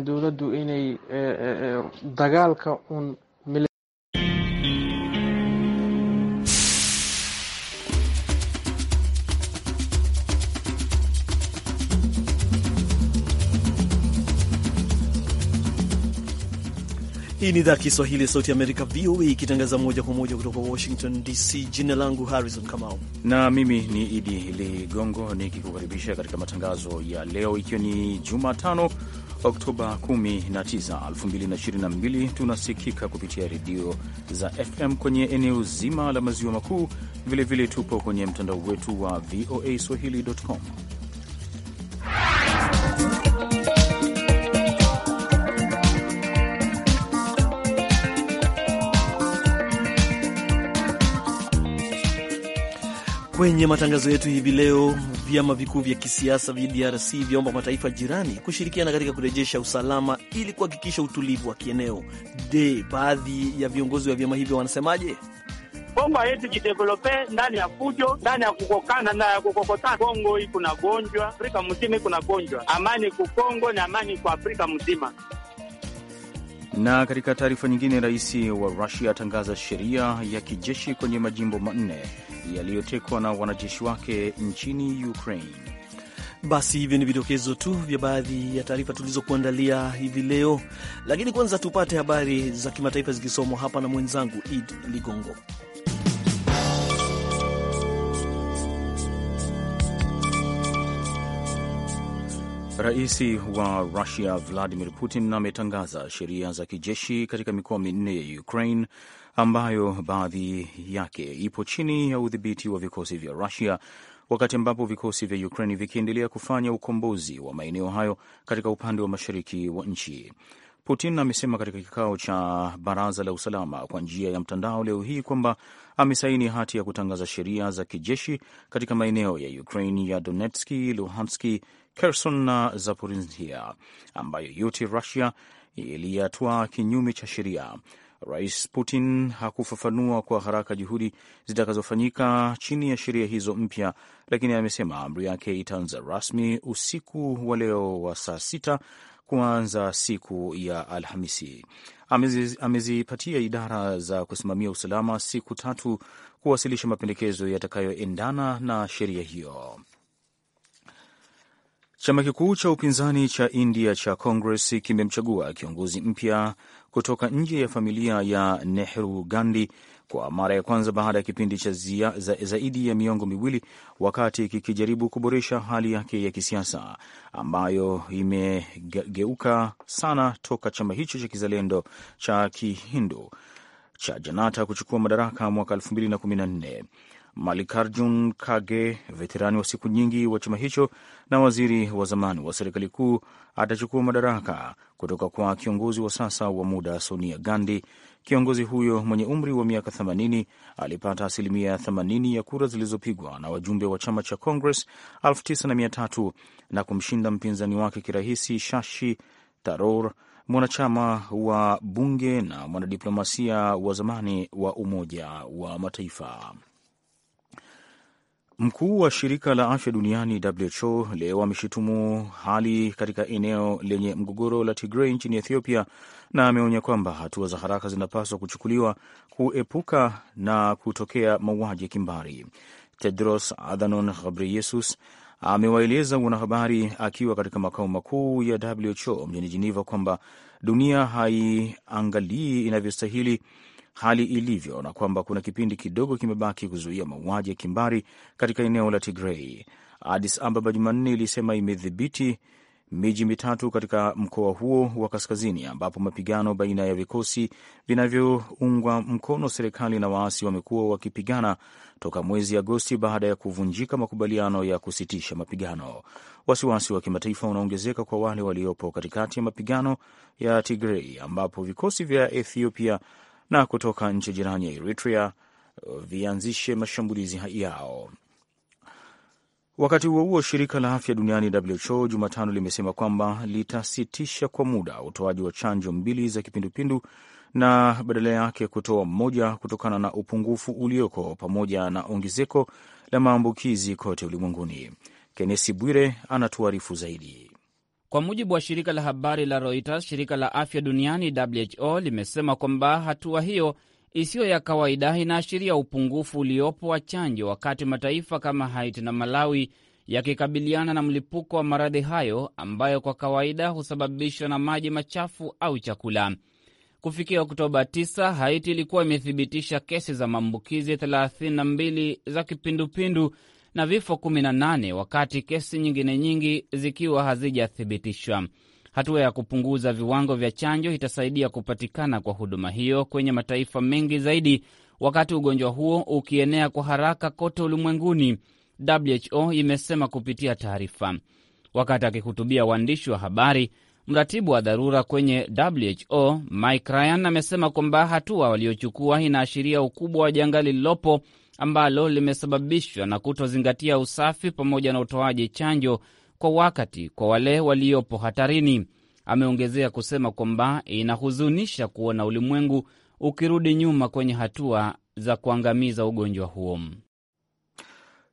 dowladdu inay eh, eh, eh, dagaalka un Hii ni idhaa Kiswahili ya Sauti Amerika, VOA, ikitangaza moja kwa moja kutoka Washington DC. Jina langu Harrison Kamau na mimi ni Idi Ligongo nikikukaribisha katika matangazo ya leo, ikiwa ni Jumatano Oktoba 19, 2022. Tunasikika kupitia redio za FM kwenye eneo zima la maziwa makuu. Vilevile tupo kwenye mtandao wetu wa voa swahili.com. Kwenye matangazo yetu hivi leo, vyama vikuu vya kisiasa vya DRC vyaomba mataifa jirani kushirikiana katika kurejesha usalama ili kuhakikisha utulivu wa kieneo. Je, baadhi ya viongozi wa vyama hivyo wanasemaje? Kongo yetu jidevelope ndani ya fujo, ndani ya kukokana, na ya kukokota. Kongo hii kuna gonjwa, Afrika mzima iko na gonjwa. Amani ku Kongo ni amani kwa Afrika mzima. Na katika taarifa nyingine, rais wa Rusia atangaza sheria ya kijeshi kwenye majimbo manne yaliyotekwa na wanajeshi wake nchini Ukraine. Basi hivyo ni vidokezo tu vya baadhi ya taarifa tulizokuandalia hivi leo, lakini kwanza tupate habari za kimataifa zikisomwa hapa na mwenzangu Id Ligongo. Rais wa Rusia Vladimir Putin ametangaza sheria za kijeshi katika mikoa minne ya Ukraine ambayo baadhi yake ipo chini ya udhibiti wa vikosi vya Rusia, wakati ambapo vikosi vya Ukraine vikiendelea kufanya ukombozi wa maeneo hayo katika upande wa mashariki wa nchi. Putin amesema katika kikao cha baraza la usalama kwa njia ya mtandao leo hii kwamba amesaini hati ya kutangaza sheria za kijeshi katika maeneo ya Ukraine ya Donetski, Luhanski, Kherson na Zaporizhia ambayo yote Rusia iliyatwaa kinyume cha sheria. Rais Putin hakufafanua kwa haraka juhudi zitakazofanyika chini ya sheria hizo mpya, lakini amesema amri yake itaanza rasmi usiku wa leo wa saa sita kuanza siku ya Alhamisi. Amezipatia idara za kusimamia usalama siku tatu kuwasilisha mapendekezo yatakayoendana na sheria hiyo. Chama kikuu cha upinzani cha India cha Congress kimemchagua kiongozi mpya kutoka nje ya familia ya Nehru Gandhi kwa mara ya kwanza baada ya kipindi cha za, zaidi ya miongo miwili, wakati kikijaribu kuboresha hali yake ya kisiasa ambayo imegeuka sana toka chama hicho cha kizalendo cha Kihindu cha Janata kuchukua madaraka mwaka 2014. Malikarjun Kage, veterani wa siku nyingi wa chama hicho na waziri wa zamani wa serikali kuu, atachukua madaraka kutoka kwa kiongozi wa sasa wa muda Sonia Gandhi. Kiongozi huyo mwenye umri wa miaka 80 alipata asilimia 80 ya kura zilizopigwa na wajumbe wa chama cha Congress 9300 na kumshinda mpinzani wake kirahisi Shashi Tharoor, mwanachama wa bunge na mwanadiplomasia wa zamani wa Umoja wa Mataifa. Mkuu wa shirika la afya duniani WHO leo ameshutumu hali katika eneo lenye mgogoro la tigrei nchini Ethiopia na ameonya kwamba hatua za haraka zinapaswa kuchukuliwa kuepuka na kutokea mauaji ya kimbari. Tedros Adhanom Ghebreyesus amewaeleza wanahabari akiwa katika makao makuu ya WHO mjini jeneva kwamba dunia haiangalii inavyostahili hali ilivyo na kwamba kuna kipindi kidogo kimebaki kuzuia mauaji ya kimbari katika eneo la Tigrei. Addis Ababa Jumanne ilisema imedhibiti miji mitatu katika mkoa huo wa kaskazini ambapo mapigano baina ya vikosi vinavyoungwa mkono serikali na waasi wamekuwa wakipigana toka mwezi Agosti baada ya kuvunjika makubaliano ya kusitisha mapigano. Wasiwasi wa kimataifa unaongezeka kwa wale waliopo katikati ya mapigano ya Tigrei ambapo vikosi vya Ethiopia na kutoka nchi jirani ya Eritrea uh, vianzishe mashambulizi yao. Wakati huo huo, shirika la afya duniani WHO Jumatano limesema kwamba litasitisha kwa muda utoaji wa chanjo mbili za kipindupindu na badala yake kutoa mmoja kutokana na upungufu ulioko pamoja na ongezeko la maambukizi kote ulimwenguni. Kenesi Bwire anatuarifu zaidi. Kwa mujibu wa shirika la habari la Reuters, shirika la afya duniani WHO limesema kwamba hatua hiyo isiyo ya kawaida inaashiria upungufu uliopo wa chanjo, wakati mataifa kama Haiti na Malawi yakikabiliana na mlipuko wa maradhi hayo ambayo kwa kawaida husababishwa na maji machafu au chakula. Kufikia Oktoba 9, Haiti ilikuwa imethibitisha kesi za maambukizi 32 za kipindupindu na vifo 18 wakati kesi nyingine nyingi zikiwa hazijathibitishwa. Hatua ya kupunguza viwango vya chanjo itasaidia kupatikana kwa huduma hiyo kwenye mataifa mengi zaidi, wakati ugonjwa huo ukienea kwa haraka kote ulimwenguni, WHO imesema kupitia taarifa. Wakati akihutubia waandishi wa habari, mratibu wa dharura kwenye WHO Mike Ryan amesema kwamba hatua waliochukua inaashiria ukubwa wa janga lililopo ambalo limesababishwa na kutozingatia usafi pamoja na utoaji chanjo kwa wakati kwa wale waliopo hatarini. Ameongezea kusema kwamba inahuzunisha kuona ulimwengu ukirudi nyuma kwenye hatua za kuangamiza ugonjwa huo.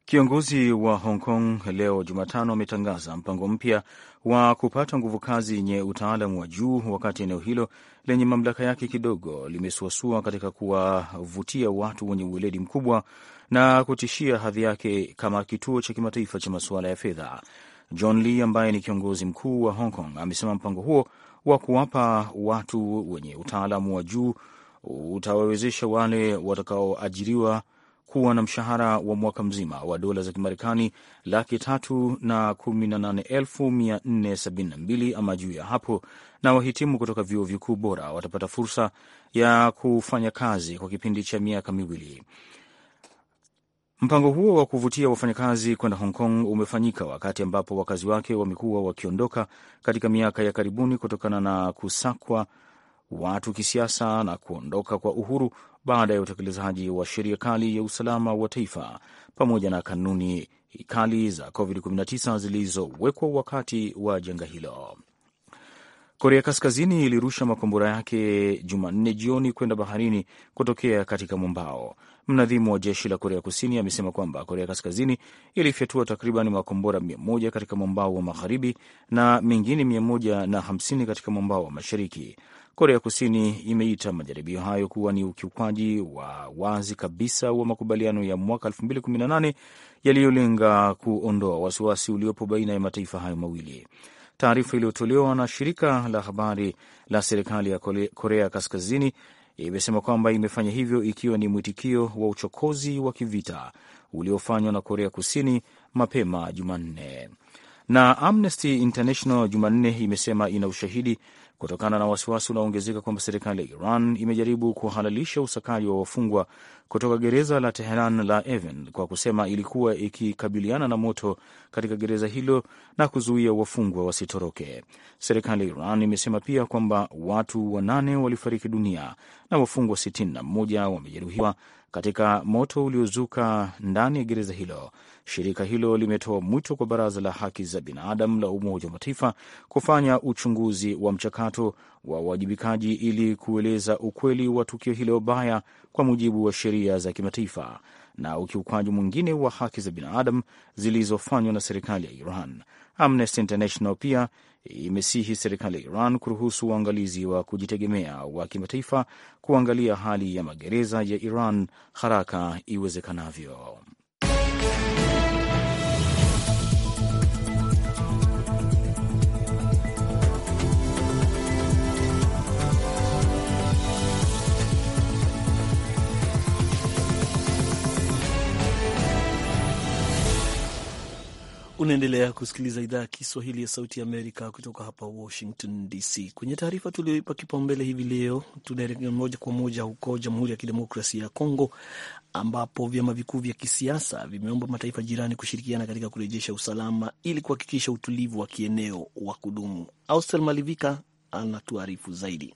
Kiongozi wa Hong Kong leo Jumatano ametangaza mpango mpya wa kupata nguvu kazi yenye utaalamu wa juu, wakati eneo hilo lenye mamlaka yake kidogo limesuasua katika kuwavutia watu wenye uweledi mkubwa na kutishia hadhi yake kama kituo cha kimataifa cha masuala ya fedha. John Lee ambaye ni kiongozi mkuu wa Hong Kong amesema mpango huo wa kuwapa watu wenye utaalamu wa juu utawawezesha wale watakaoajiriwa kuwa na mshahara wa mwaka mzima wa dola za Kimarekani laki tatu na kumi na nane elfu mia nne sabini na mbili ama juu ya hapo, na wahitimu kutoka vyuo vikuu bora watapata fursa ya kufanya kazi kwa kipindi cha miaka miwili. Mpango huo wa kuvutia wafanyakazi kwenda Hong Kong umefanyika wakati ambapo wakazi wake wamekuwa wakiondoka katika miaka ya karibuni kutokana na kusakwa watu kisiasa na kuondoka kwa uhuru baada ya utekelezaji wa sheria kali ya usalama wa taifa pamoja na kanuni kali za COVID-19 zilizowekwa wakati wa janga hilo. Korea Kaskazini ilirusha makombora yake Jumanne jioni kwenda baharini kutokea katika mwambao Mnadhimu wa jeshi la Korea Kusini amesema kwamba Korea Kaskazini ilifyatua takriban makombora moja katika mwambao wa magharibi na mengine hamsini katika mwambao wa mashariki. Korea Kusini imeita majaribio hayo kuwa ni ukiukwaji wa wazi kabisa wa makubaliano ya mwaka 2018 yaliyolenga kuondoa wasiwasi uliopo baina ya mataifa hayo mawili. Taarifa iliyotolewa na shirika la habari la serikali ya Korea Kaskazini imesema kwamba imefanya hivyo ikiwa ni mwitikio wa uchokozi wa kivita uliofanywa na Korea Kusini mapema Jumanne. Na Amnesty International Jumanne imesema ina ushahidi kutokana na wasiwasi unaoongezeka kwamba serikali ya Iran imejaribu kuhalalisha usakaji wa wafungwa kutoka gereza la Teheran la Evin kwa kusema ilikuwa ikikabiliana na moto katika gereza hilo na kuzuia wafungwa wasitoroke. Serikali ya Iran imesema pia kwamba watu wanane walifariki dunia na wafungwa 61 wamejeruhiwa katika moto uliozuka ndani ya gereza hilo. Shirika hilo limetoa mwito kwa Baraza la Haki za Binadamu la Umoja wa Mataifa kufanya uchunguzi wa mchakato wa uwajibikaji ili kueleza ukweli wa tukio hilo baya kwa mujibu wa sheria za kimataifa na ukiukwaji mwingine wa haki za binadamu zilizofanywa na serikali ya Iran. Amnesty International pia imesihi serikali ya Iran kuruhusu uangalizi wa kujitegemea wa kimataifa kuangalia hali ya magereza ya Iran haraka iwezekanavyo. Unaendelea kusikiliza idhaa ya Kiswahili ya Sauti ya Amerika kutoka hapa Washington DC. Kwenye taarifa tulioipa kipaumbele hivi leo, tunaelekea moja kwa moja huko Jamhuri ya Kidemokrasia ya Kongo, ambapo vyama vikuu vya kisiasa vimeomba mataifa jirani kushirikiana katika kurejesha usalama ili kuhakikisha utulivu wa kieneo wa kudumu. Austel Malivika anatuarifu zaidi.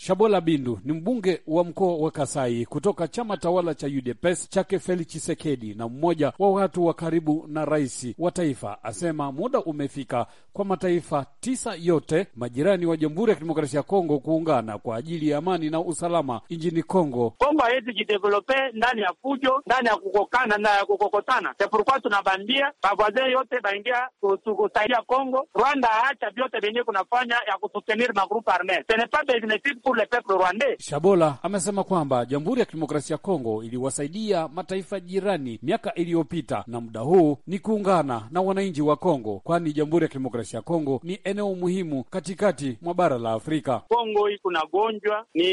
Shabola Bindu ni mbunge wa mkoa wa Kasai kutoka chama tawala cha UDPS chake Felix Chisekedi, na mmoja wa watu wa karibu na rais wa taifa, asema muda umefika kwa mataifa tisa yote majirani wa Jamhuri ya Kidemokrasia ya Kongo kuungana kwa ajili ya amani na usalama nchini Kongo. Kongo haiwezi jidevelope ndani ya fujo, ndani ya kukokana na ya kukokotana sepurukwa. Tunabambia bavaze yote baingia kusaidia Kongo. Rwanda acha vyote vyenye kunafanya ya kusustenir magrupu arme pour le peuple rwandais. Shabola amesema kwamba Jamhuri ya Kidemokrasia ya Kongo iliwasaidia mataifa jirani miaka iliyopita na muda huu ni kuungana na wananchi wa Kongo, kwani Jamhuri ya Kidemokrasia ya Kongo ni eneo muhimu katikati mwa bara la Afrika. Kongo iko na gonjwa, ni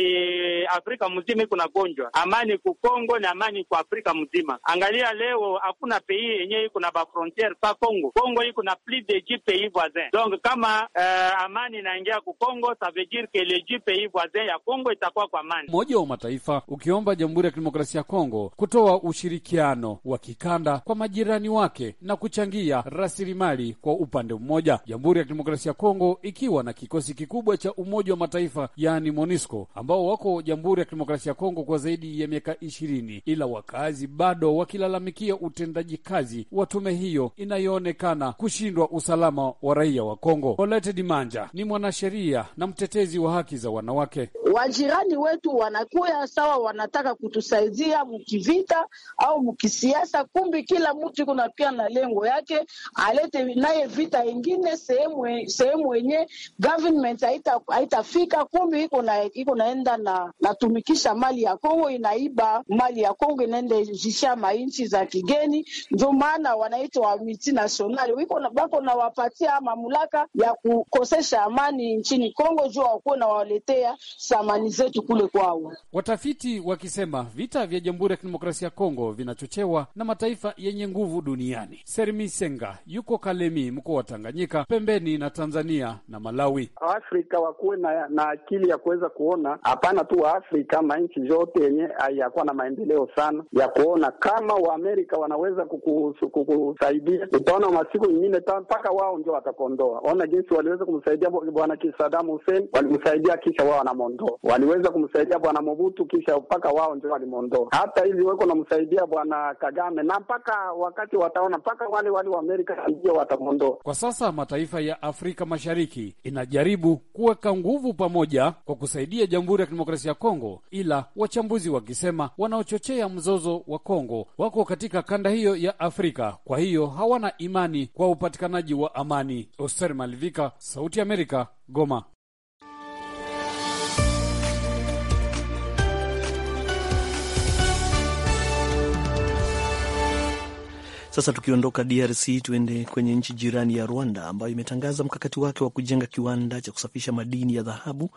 Afrika mzima iko na gonjwa. Amani ku Kongo ni amani kwa Afrika mzima. Angalia leo hakuna pei yenyewe iko na bafrontiere pa Kongo. Kongo iko na plus de dix pays voisins, donc kama uh, amani inaingia ku Kongo ça veut dire que les dix pays voisins wazee ya Kongo itakuwa kwa amani. Umoja wa Mataifa ukiomba Jamhuri ya Kidemokrasia ya Kongo kutoa ushirikiano wa kikanda kwa majirani wake na kuchangia rasilimali kwa upande mmoja, Jamhuri ya Kidemokrasia ya Kongo ikiwa na kikosi kikubwa cha Umoja wa Mataifa yaani MONUSCO ambao wako Jamhuri ya Kidemokrasia ya Kongo kwa zaidi ya miaka ishirini, ila wakazi bado wakilalamikia utendaji kazi wa tume hiyo inayoonekana kushindwa usalama wa raia wa Kongo. Olete Dimanja ni mwanasheria na mtetezi wa haki za wanawake Okay. Wajirani wetu wanakuya sawa, wanataka kutusaidia mkivita au mkisiasa, kumbi kila mtu kuna pia na lengo yake, alete naye vita ingine sehemu sehemu yenye government haitafika, kumbi iko na iko naenda na natumikisha mali ya Kongo, inaiba mali ya Kongo, inaenda jisha mainchi za kigeni. Ndio maana wanaitwa multinational wiko na bako na wapatia mamlaka ya kukosesha amani nchini Kongo, juu wakuwa na waletea samani zetu kule kwao. Watafiti wakisema vita vya Jamhuri ya Kidemokrasia ya Kongo vinachochewa na mataifa yenye nguvu duniani. Sermisenga yuko Kalemi, mkoa wa Tanganyika, pembeni na Tanzania na Malawi. waafrika wakuwe na, na akili ya kuweza kuona hapana tu Waafrika, manchi zote yenye hayakuwa na maendeleo sana ya kuona kama Waamerika wanaweza kukusaidia. Utaona masiku nyingine mpaka wao ndio watakondoa. Ona jinsi waliweza kumsaidia bwana Kisadamu Hussein, walimsaidia kisha wao wanamwondoa. Waliweza kumsaidia bwana Mobutu, kisha mpaka wao ndio walimwondoa. Hata hivi weko namsaidia bwana Kagame, na mpaka wakati wataona, mpaka wale wale wa Amerika ndio watamwondoa. Kwa sasa mataifa ya Afrika Mashariki inajaribu kuweka nguvu pamoja kwa kusaidia Jamhuri ya Kidemokrasia ya Kongo, ila wachambuzi wakisema wanaochochea mzozo wa Kongo wako katika kanda hiyo ya Afrika, kwa hiyo hawana imani kwa upatikanaji wa amani. Oser Malivika, Sauti ya Amerika, Goma. Sasa tukiondoka DRC tuende kwenye nchi jirani ya Rwanda ambayo imetangaza mkakati wake wa kujenga kiwanda cha kusafisha madini ya dhahabu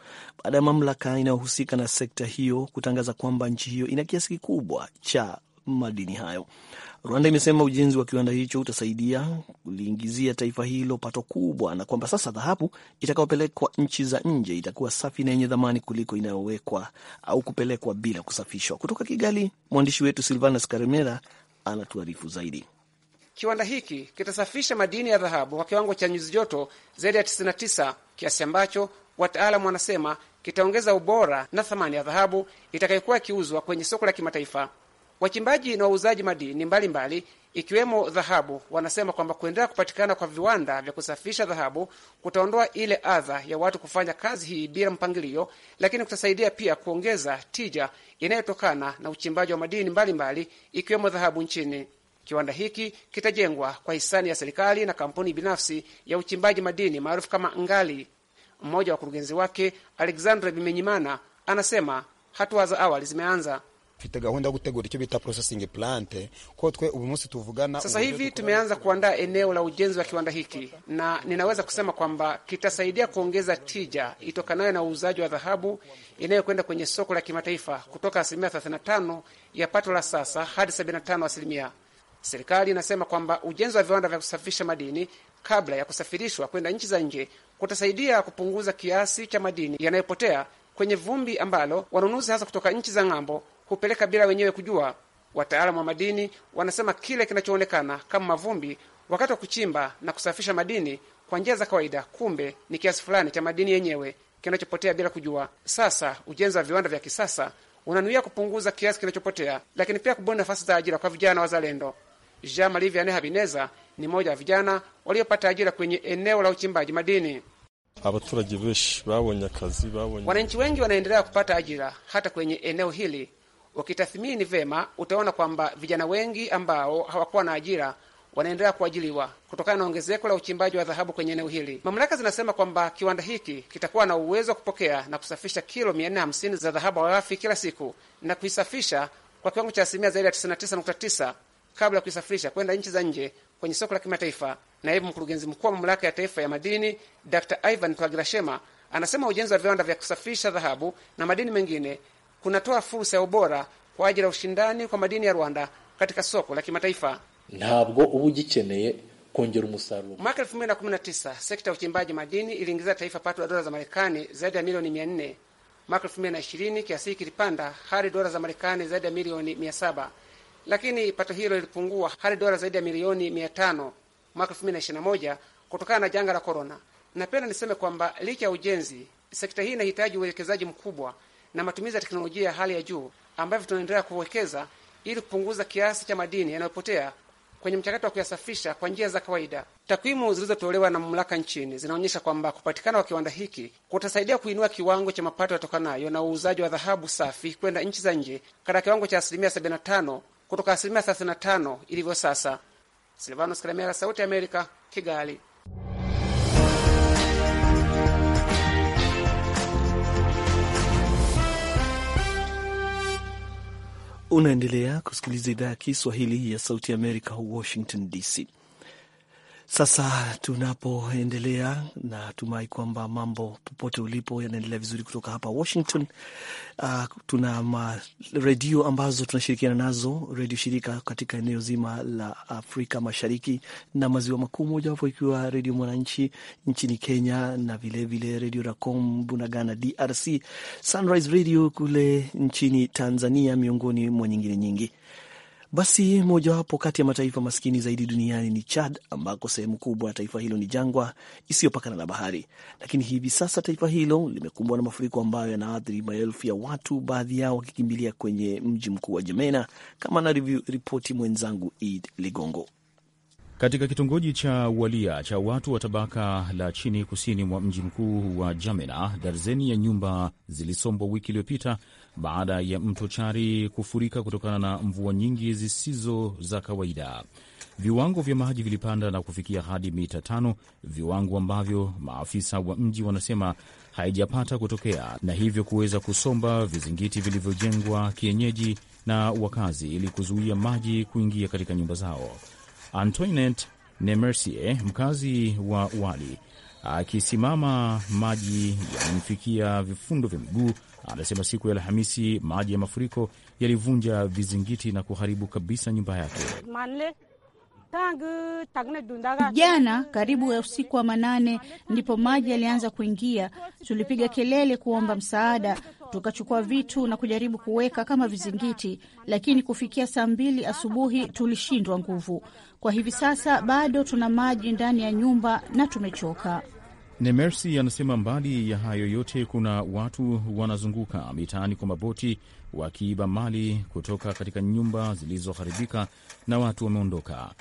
baada ya mamlaka inayohusika na sekta hiyo kutangaza kwamba nchi hiyo ina kiasi kikubwa cha madini hayo. Rwanda imesema ujenzi wa kiwanda hicho utasaidia kuliingizia taifa hilo pato kubwa, na kwamba sasa dhahabu itakayopelekwa nchi za nje itakuwa safi na yenye thamani kuliko inayowekwa au kupelekwa bila kusafishwa. Kutoka Kigali, mwandishi wetu Silvanus Karemera anatuarifu zaidi. Kiwanda hiki kitasafisha madini ya dhahabu kwa kiwango cha nyuzi joto zaidi ya 99 kiasi ambacho wataalamu wanasema kitaongeza ubora na thamani ya dhahabu itakayokuwa ikiuzwa kwenye soko la kimataifa. Wachimbaji na wauzaji madini mbalimbali ikiwemo dhahabu wanasema kwamba kuendelea kupatikana kwa viwanda vya kusafisha dhahabu kutaondoa ile adha ya watu kufanya kazi hii bila mpangilio, lakini kutasaidia pia kuongeza tija inayotokana na uchimbaji wa madini mbalimbali ikiwemo dhahabu nchini. Kiwanda hiki kitajengwa kwa hisani ya serikali na kampuni binafsi ya uchimbaji madini maarufu kama Ngali. Mmoja wa wakurugenzi wake Alexandre Bimenyimana anasema hatua za awali zimeanza. Sasa hivi tumeanza kuandaa eneo la ujenzi wa kiwanda hiki, na ninaweza kusema kwamba kitasaidia kuongeza tija itokanayo na uuzaji wa dhahabu inayokwenda kwenye soko la kimataifa kutoka asilimia 35 ya pato la sasa hadi 75 asilimia Serikali inasema kwamba ujenzi wa viwanda vya kusafisha madini kabla ya kusafirishwa kwenda nchi za nje kutasaidia kupunguza kiasi cha madini yanayopotea kwenye vumbi ambalo wanunuzi hasa kutoka nchi za ng'ambo hupeleka bila wenyewe kujua. Wataalamu wa madini wanasema kile kinachoonekana kama mavumbi wakati wa kuchimba na kusafisha madini kwa njia za kawaida, kumbe ni kiasi fulani cha madini yenyewe kinachopotea bila kujua. Sasa ujenzi wa viwanda vya kisasa unanuia kupunguza kiasi kinachopotea, lakini pia kubuni nafasi za ajira kwa vijana wazalendo. Jean Marie Vianney Habineza ni mmoja wa vijana waliopata ajira kwenye eneo la uchimbaji madini. abaturage benshi babonye akazi babonye. Wananchi wengi wanaendelea kupata ajira hata kwenye eneo hili. Ukitathimini vema, utaona kwamba vijana wengi ambao hawakuwa na ajira wanaendelea kuajiliwa kutokana na ongezeko la uchimbaji wa dhahabu kwenye eneo hili. Mamlaka zinasema kwamba kiwanda hiki kitakuwa na uwezo wa kupokea na kusafisha kilo 450 za dhahabu ghafi kila siku na kuisafisha kwa kiwango cha asilimia zaidi ya 99.9 kabla ya kuisafirisha kwenda nchi za nje kwenye soko la kimataifa. Naibu mkurugenzi mkuu wa mamlaka ya taifa ya madini Dr Ivan Twagirashema anasema ujenzi wa viwanda vya kusafirisha dhahabu na madini mengine kunatoa fursa ya ubora kwa ajili ya ushindani kwa madini ya Rwanda katika soko la kimataifa. ntabwo uba ugikeneye kongera umusaruro. Mwaka elfu mbili na kumi na tisa sekta ya uchimbaji madini iliingiza taifa pato la dola za Marekani zaidi ya milioni mia nne. Mwaka elfu mbili na ishirini kiasi kilipanda hadi dola za Marekani zaidi ya milioni mia saba lakini pato hilo lilipungua hadi dola zaidi ya milioni mia tano mwaka elfu mbili na ishirini na moja kutokana na janga la korona. Napenda niseme kwamba licha ya ujenzi, sekta hii inahitaji uwekezaji mkubwa na matumizi ya teknolojia ya hali ya juu ambavyo tunaendelea kuwekeza ili kupunguza kiasi cha madini yanayopotea kwenye mchakato wa kuyasafisha kwa njia za kawaida. Takwimu zilizotolewa na mamlaka nchini zinaonyesha kwamba kupatikana kwa kiwanda hiki kutasaidia kuinua kiwango cha mapato yatokanayo na uuzaji wa dhahabu safi kwenda nchi za nje katika kiwango cha asilimia kutoka asilimia 35 ilivyo sasa. Silvanos Kalemera, Sauti ya Amerika, Kigali. Unaendelea kusikiliza idhaa ya Kiswahili ya Sauti ya Amerika, Washington DC. Sasa tunapoendelea, natumai kwamba mambo popote ulipo yanaendelea vizuri. Kutoka hapa Washington, uh, tuna redio ambazo tunashirikiana nazo, redio shirika katika eneo zima la Afrika Mashariki na Maziwa Makuu, mojawapo ikiwa Redio Mwananchi nchini Kenya na vilevile Redio Racom Bunagana DRC, Sunrise Radio kule nchini Tanzania, miongoni mwa nyingine nyingi. Basi mojawapo kati ya mataifa maskini zaidi duniani ni Chad, ambako sehemu kubwa ya taifa hilo ni jangwa isiyopakana na bahari. Lakini hivi sasa taifa hilo limekumbwa na mafuriko ambayo yanaathiri maelfu ya watu, baadhi yao wakikimbilia kwenye mji mkuu wa Jemena, kama anavyoripoti mwenzangu Ed Ligongo. Katika kitongoji cha Walia cha watu wa tabaka la chini kusini mwa mji mkuu wa Jamena, darzeni ya nyumba zilisombwa wiki iliyopita baada ya mto Chari kufurika kutokana na mvua nyingi zisizo za kawaida. Viwango vya maji vilipanda na kufikia hadi mita tano, viwango ambavyo maafisa wa mji wanasema haijapata kutokea, na hivyo kuweza kusomba vizingiti vilivyojengwa kienyeji na wakazi ili kuzuia maji kuingia katika nyumba zao. Antoinette Nemercier, mkazi wa Wali, akisimama maji yamemfikia vifundo vya miguu anasema siku ya Alhamisi maji ya mafuriko yalivunja vizingiti na kuharibu kabisa nyumba yake. Jana karibu ya usiku wa manane ndipo maji yalianza kuingia. Tulipiga kelele kuomba msaada, tukachukua vitu na kujaribu kuweka kama vizingiti, lakini kufikia saa mbili asubuhi tulishindwa nguvu. Kwa hivi sasa bado tuna maji ndani ya nyumba na tumechoka. Nemersi anasema mbali ya hayo yote, kuna watu wanazunguka mitaani kwa maboti wakiiba mali kutoka katika nyumba zilizoharibika na watu wameondoka.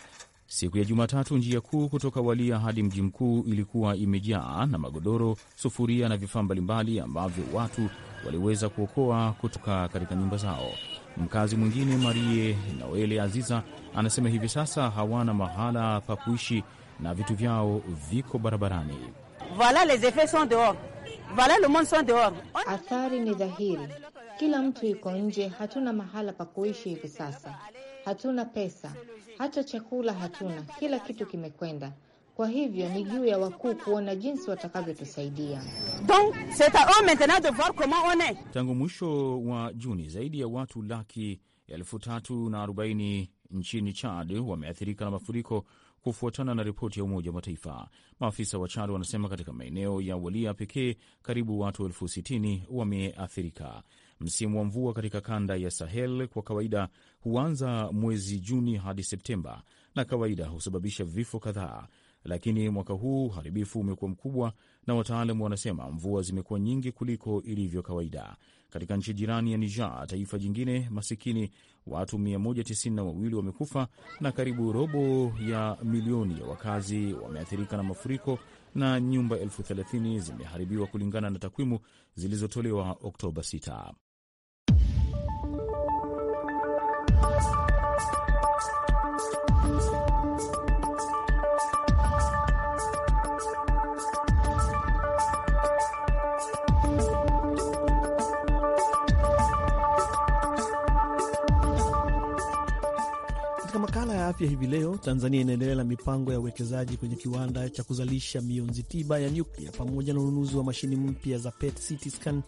Siku ya Jumatatu, njia kuu kutoka Walia hadi mji mkuu ilikuwa imejaa na magodoro, sufuria na vifaa mbalimbali ambavyo watu waliweza kuokoa kutoka katika nyumba zao. Mkazi mwingine Marie noele Aziza anasema hivi sasa hawana mahala pa kuishi na vitu vyao viko barabarani. Voilà, les effets sont dehors. Voilà, le monde sont dehors. Athari ni dhahiri, kila mtu yuko nje. Hatuna mahala pa kuishi hivi sasa, hatuna pesa, hata chakula hatuna, kila kitu kimekwenda. Kwa hivyo ni juu ya wakuu kuona jinsi watakavyotusaidia. Tangu mwisho wa Juni, zaidi ya watu laki elfu tatu na arobaini nchini Chad wameathirika na mafuriko kufuatana na ripoti ya Umoja wa Mataifa. Maafisa wa Chad wanasema katika maeneo ya Walia pekee karibu watu elfu sitini wameathirika. Msimu wa mvua katika kanda ya Sahel kwa kawaida huanza mwezi Juni hadi Septemba na kawaida husababisha vifo kadhaa, lakini mwaka huu uharibifu umekuwa mkubwa, na wataalamu wanasema mvua zimekuwa nyingi kuliko ilivyo kawaida. Katika nchi jirani ya Niger, taifa jingine masikini, watu 192 wamekufa na karibu robo ya milioni ya wakazi wameathirika na mafuriko na nyumba elfu 30 zimeharibiwa kulingana na takwimu zilizotolewa Oktoba 6. afya hivi leo, Tanzania inaendelea na mipango ya uwekezaji kwenye kiwanda cha kuzalisha mionzi tiba ya nyuklia pamoja na ununuzi wa mashini mpya za PET CT scan,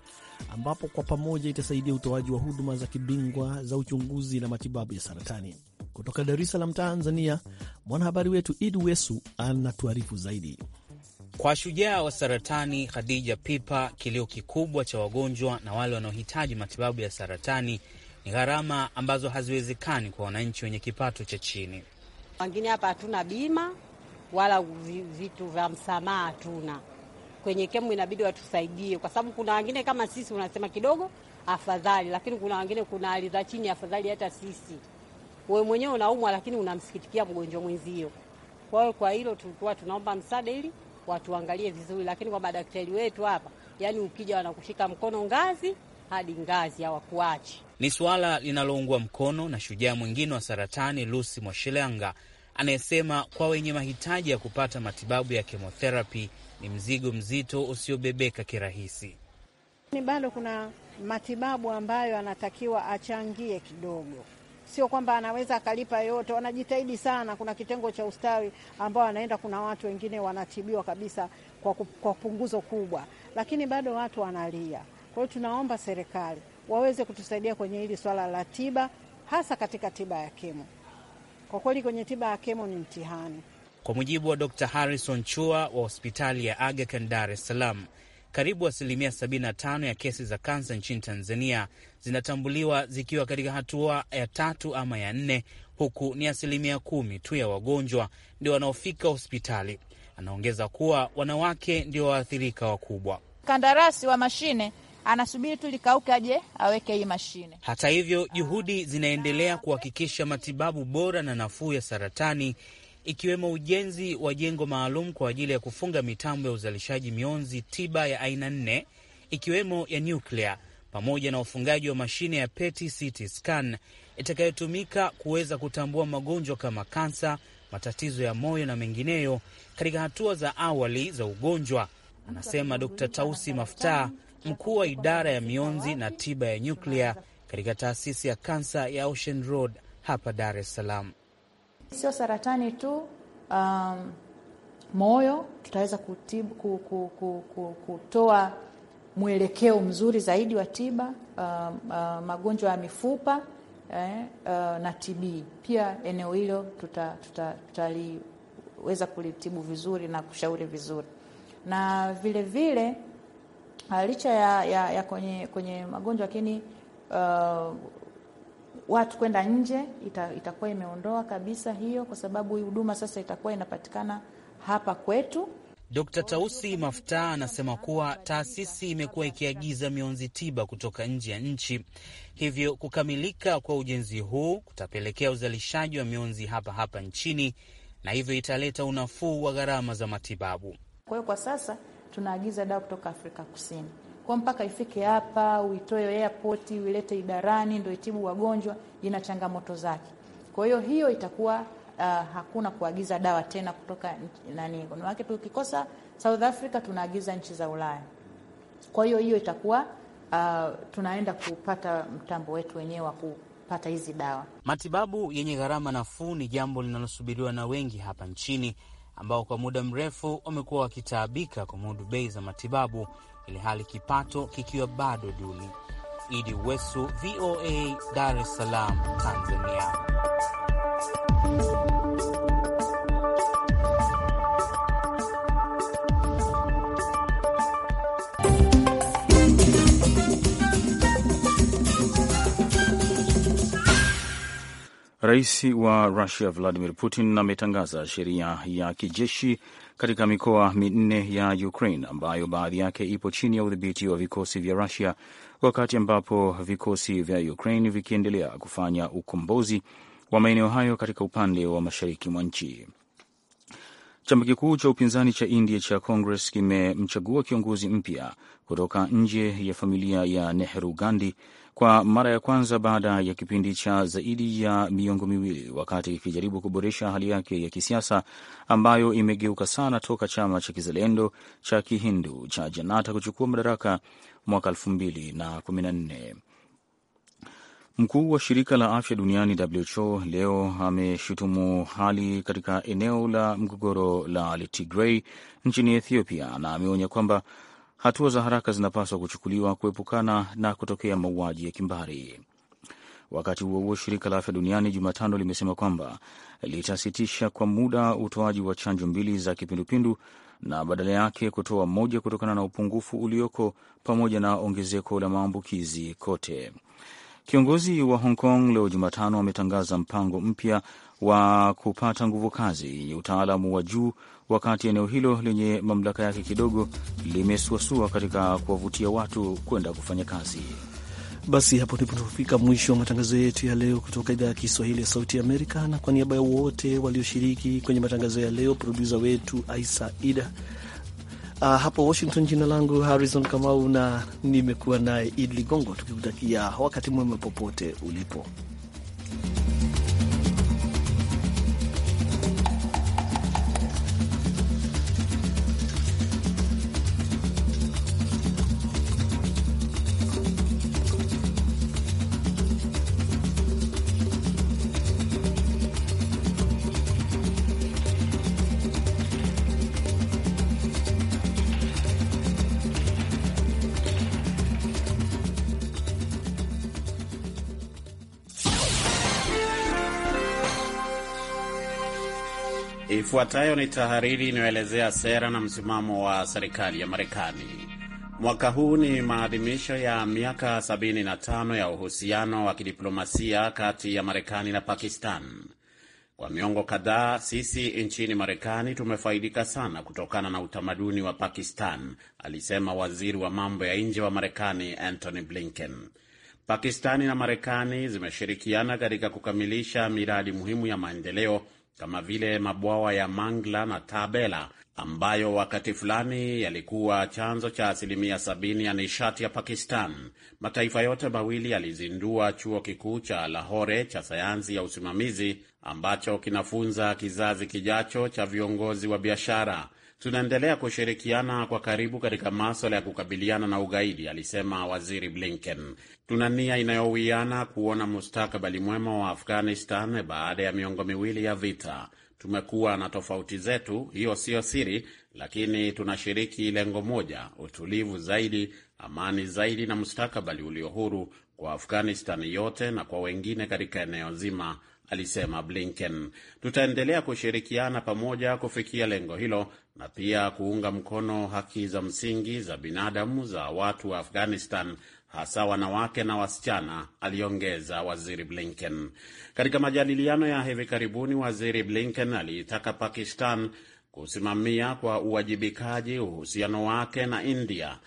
ambapo kwa pamoja itasaidia utoaji wa huduma za kibingwa za uchunguzi na matibabu ya saratani. Kutoka Dar es Salaam, Tanzania, mwanahabari wetu Id Wesu anatuarifu zaidi. Kwa shujaa wa saratani Khadija Pipa, kilio kikubwa cha wagonjwa na wale wanaohitaji matibabu ya saratani ni gharama ambazo haziwezekani kwa wananchi wenye kipato cha chini. Wengine hapa hatuna bima wala vitu vya msamaha hatuna kwenye kemu, inabidi watusaidie, kwa sababu kuna wengine kama sisi unasema kidogo afadhali, lakini kuna wengine kuna hali za chini afadhali hata sisi. Wewe mwenyewe unaumwa, lakini unamsikitikia mgonjwa mwenzio. Kwa hiyo kwa hilo tulikuwa tunaomba msaada ili watuangalie vizuri, lakini kwa madaktari wetu hapa, yani ukija wanakushika mkono ngazi hadi ngazi, hawakuachi. Ni suala linaloungwa mkono na shujaa mwingine wa saratani Lucy Mwashilanga anayesema kwa wenye mahitaji ya kupata matibabu ya kemotherapi ni mzigo mzito usiobebeka kirahisi. Ni bado kuna matibabu ambayo anatakiwa achangie kidogo, sio kwamba anaweza akalipa yote. Wanajitahidi sana, kuna kitengo cha ustawi ambao anaenda, kuna watu wengine wanatibiwa kabisa kwa, kwa punguzo kubwa, lakini bado watu wanalia. Kwa hiyo tunaomba serikali waweze kutusaidia kwenye hili swala la tiba, hasa katika tiba ya kemo. Kwa kweli kwenye tiba ya kemo ni mtihani. Kwa mujibu wa Dr Harrison Chua wa hospitali ya Aga Khan Dar es Salaam, karibu asilimia 75 ya kesi za kansa nchini Tanzania zinatambuliwa zikiwa katika hatua ya tatu ama ya nne, huku ni asilimia kumi tu ya wagonjwa ndio wanaofika hospitali. Anaongeza kuwa wanawake ndio waathirika wakubwa. Kandarasi wa mashine anasubiri tu likauke aje aweke hii mashine. Hata hivyo, juhudi zinaendelea kuhakikisha matibabu bora na nafuu ya saratani ikiwemo ujenzi wa jengo maalum kwa ajili ya kufunga mitambo ya uzalishaji mionzi tiba ya aina nne ikiwemo ya nyuklia pamoja na ufungaji wa mashine ya PET CT scan itakayotumika kuweza kutambua magonjwa kama kansa, matatizo ya moyo na mengineyo katika hatua za awali za ugonjwa, anasema d Tausi Maftaa, mkuu wa idara ya mionzi na tiba ya nyuklia katika taasisi ya kansa ya Ocean Road hapa Dar es Salaam. Sio saratani tu, um, moyo tutaweza kutibu, ku, ku, ku, ku, kutoa mwelekeo mzuri zaidi wa tiba uh, uh, magonjwa ya mifupa eh, uh, na TB pia. Eneo hilo tutaliweza tuta, tuta kulitibu vizuri na kushauri vizuri na vilevile vile, Ah, licha ya, ya, ya kwenye, kwenye magonjwa lakini uh, watu kwenda nje ita, itakuwa imeondoa kabisa hiyo, kwa sababu huduma sasa itakuwa inapatikana hapa kwetu. Dkt. Tausi Mafta anasema kuwa taasisi imekuwa ikiagiza mionzi tiba kutoka nje ya nchi, hivyo kukamilika kwa ujenzi huu kutapelekea uzalishaji wa mionzi hapa hapa nchini na hivyo italeta unafuu wa gharama za matibabu. Kwa hiyo kwa sasa tunaagiza dawa kutoka Afrika Kusini kwa mpaka ifike hapa, uitoe airport, uilete idarani, ndio itibu wagonjwa, ina changamoto zake. Kwa hiyo hiyo itakuwa Uh, hakuna kuagiza dawa tena kutoka nani, manake tukikosa South Africa tunaagiza nchi za Ulaya. Kwa hiyo hiyo itakuwa uh, tunaenda kupata mtambo wetu wenyewe wa kupata hizi dawa. Matibabu yenye gharama nafuu ni jambo linalosubiriwa na wengi hapa nchini ambao kwa muda mrefu wamekuwa wakitaabika kumudu bei za matibabu, ili hali kipato kikiwa bado duni. Idi Wesu, VOA, Dar es Salaam, Tanzania. Rais wa Rusia Vladimir Putin ametangaza sheria ya kijeshi katika mikoa minne ya Ukraine ambayo baadhi yake ipo chini ya udhibiti wa vikosi vya Rusia, wakati ambapo vikosi vya Ukraine vikiendelea kufanya ukombozi wa maeneo hayo katika upande wa mashariki mwa nchi. Chama kikuu cha upinzani cha India cha Congress kimemchagua kiongozi mpya kutoka nje ya familia ya Nehru Gandhi kwa mara ya kwanza baada ya kipindi cha zaidi ya miongo miwili, wakati ikijaribu kuboresha hali yake ya kisiasa ambayo imegeuka sana toka chama cha kizalendo cha kihindu cha Janata kuchukua madaraka mwaka nne. Mkuu wa shirika la afya duniani WHO leo ameshutumu hali katika eneo la mgogoro la Tigray nchini Ethiopia na ameonya kwamba hatua za haraka zinapaswa kuchukuliwa kuepukana na kutokea mauaji ya kimbari. Wakati huo huo, shirika la afya duniani Jumatano limesema kwamba litasitisha kwa muda utoaji wa chanjo mbili za kipindupindu na badala yake kutoa moja kutokana na upungufu ulioko pamoja na ongezeko la maambukizi kote. Kiongozi wa Hong Kong leo Jumatano ametangaza mpango mpya wa kupata nguvu kazi yenye utaalamu wa juu, wakati eneo hilo lenye mamlaka yake kidogo limesuasua katika kuwavutia watu kwenda kufanya kazi. Basi hapo ndipo tunafika mwisho wa matangazo yetu ya leo kutoka idhaa ya Kiswahili ya Sauti ya Amerika, na kwa niaba ya wote walioshiriki kwenye matangazo ya leo, produsa wetu Aisa Ida Uh, hapo Washington, jina langu Harrison Kamau na nimekuwa naye Id Ligongo, tukikutakia wakati mwema popote ulipo. Ifuatayo ni tahariri inayoelezea sera na msimamo wa serikali ya Marekani. Mwaka huu ni maadhimisho ya miaka 75 ya uhusiano wa kidiplomasia kati ya Marekani na Pakistan. Kwa miongo kadhaa, sisi nchini Marekani tumefaidika sana kutokana na utamaduni wa Pakistan, alisema waziri wa mambo ya nje wa Marekani Antony Blinken. Pakistani na Marekani zimeshirikiana katika kukamilisha miradi muhimu ya maendeleo kama vile mabwawa ya Mangla na Tabela ambayo wakati fulani yalikuwa chanzo cha asilimia sabini ya nishati ya Pakistan. Mataifa yote mawili yalizindua chuo kikuu cha Lahore cha sayansi ya usimamizi ambacho kinafunza kizazi kijacho cha viongozi wa biashara tunaendelea kushirikiana kwa karibu katika maswala ya kukabiliana na ugaidi, alisema Waziri Blinken. Tuna nia inayowiana kuona mustakabali mwema wa Afghanistan baada ya miongo miwili ya vita. Tumekuwa na tofauti zetu, hiyo siyo siri, lakini tunashiriki lengo moja: utulivu zaidi, amani zaidi na mustakabali ulio huru kwa Afghanistan yote na kwa wengine katika eneo zima, alisema Blinken. Tutaendelea kushirikiana pamoja kufikia lengo hilo na pia kuunga mkono haki za msingi za binadamu za watu wa Afghanistan hasa wanawake na wasichana, aliongeza waziri Blinken. Katika majadiliano ya hivi karibuni, waziri Blinken aliitaka Pakistan kusimamia kwa uwajibikaji uhusiano wake na India.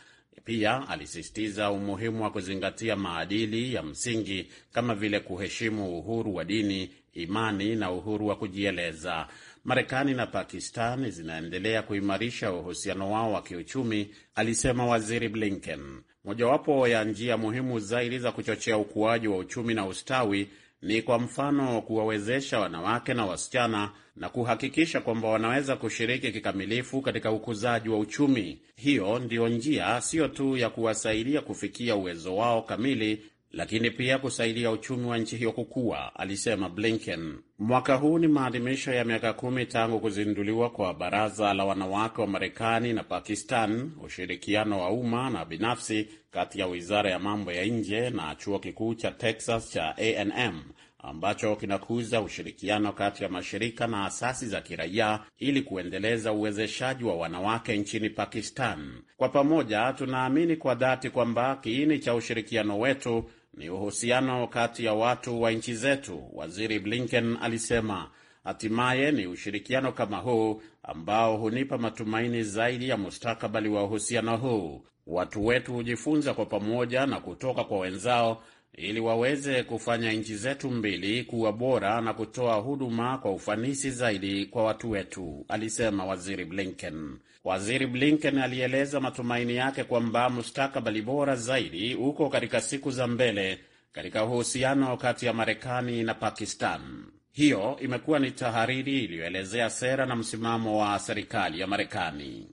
Pia alisisitiza umuhimu wa kuzingatia maadili ya msingi kama vile kuheshimu uhuru wa dini, imani na uhuru wa kujieleza. Marekani na Pakistan zinaendelea kuimarisha uhusiano wao wa kiuchumi, alisema Waziri Blinken. Mojawapo ya njia muhimu zaidi za kuchochea ukuaji wa uchumi na ustawi ni kwa mfano kuwawezesha wanawake na wasichana na kuhakikisha kwamba wanaweza kushiriki kikamilifu katika ukuzaji wa uchumi. Hiyo ndiyo njia siyo tu ya kuwasaidia kufikia uwezo wao kamili lakini pia kusaidia uchumi wa nchi hiyo kukua, alisema Blinken. Mwaka huu ni maadhimisho ya miaka kumi tangu kuzinduliwa kwa Baraza la Wanawake wa Marekani na Pakistan, ushirikiano wa umma na binafsi kati ya Wizara ya Mambo ya Nje na Chuo Kikuu cha Texas cha A&M ambacho kinakuza ushirikiano kati ya mashirika na asasi za kiraia ili kuendeleza uwezeshaji wa wanawake nchini Pakistan. Kwa pamoja, tunaamini kwa dhati kwamba kiini cha ushirikiano wetu ni uhusiano kati ya watu wa nchi zetu, Waziri Blinken alisema. Hatimaye ni ushirikiano kama huu ambao hunipa matumaini zaidi ya mustakabali wa uhusiano huu. Watu wetu hujifunza kwa pamoja na kutoka kwa wenzao ili waweze kufanya nchi zetu mbili kuwa bora na kutoa huduma kwa ufanisi zaidi kwa watu wetu, alisema Waziri Blinken. Waziri Blinken alieleza matumaini yake kwamba mustakabali bora zaidi uko katika siku za mbele katika uhusiano kati ya Marekani na Pakistan. Hiyo imekuwa ni tahariri iliyoelezea sera na msimamo wa serikali ya Marekani.